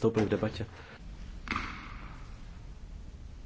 vystoupili v debatě.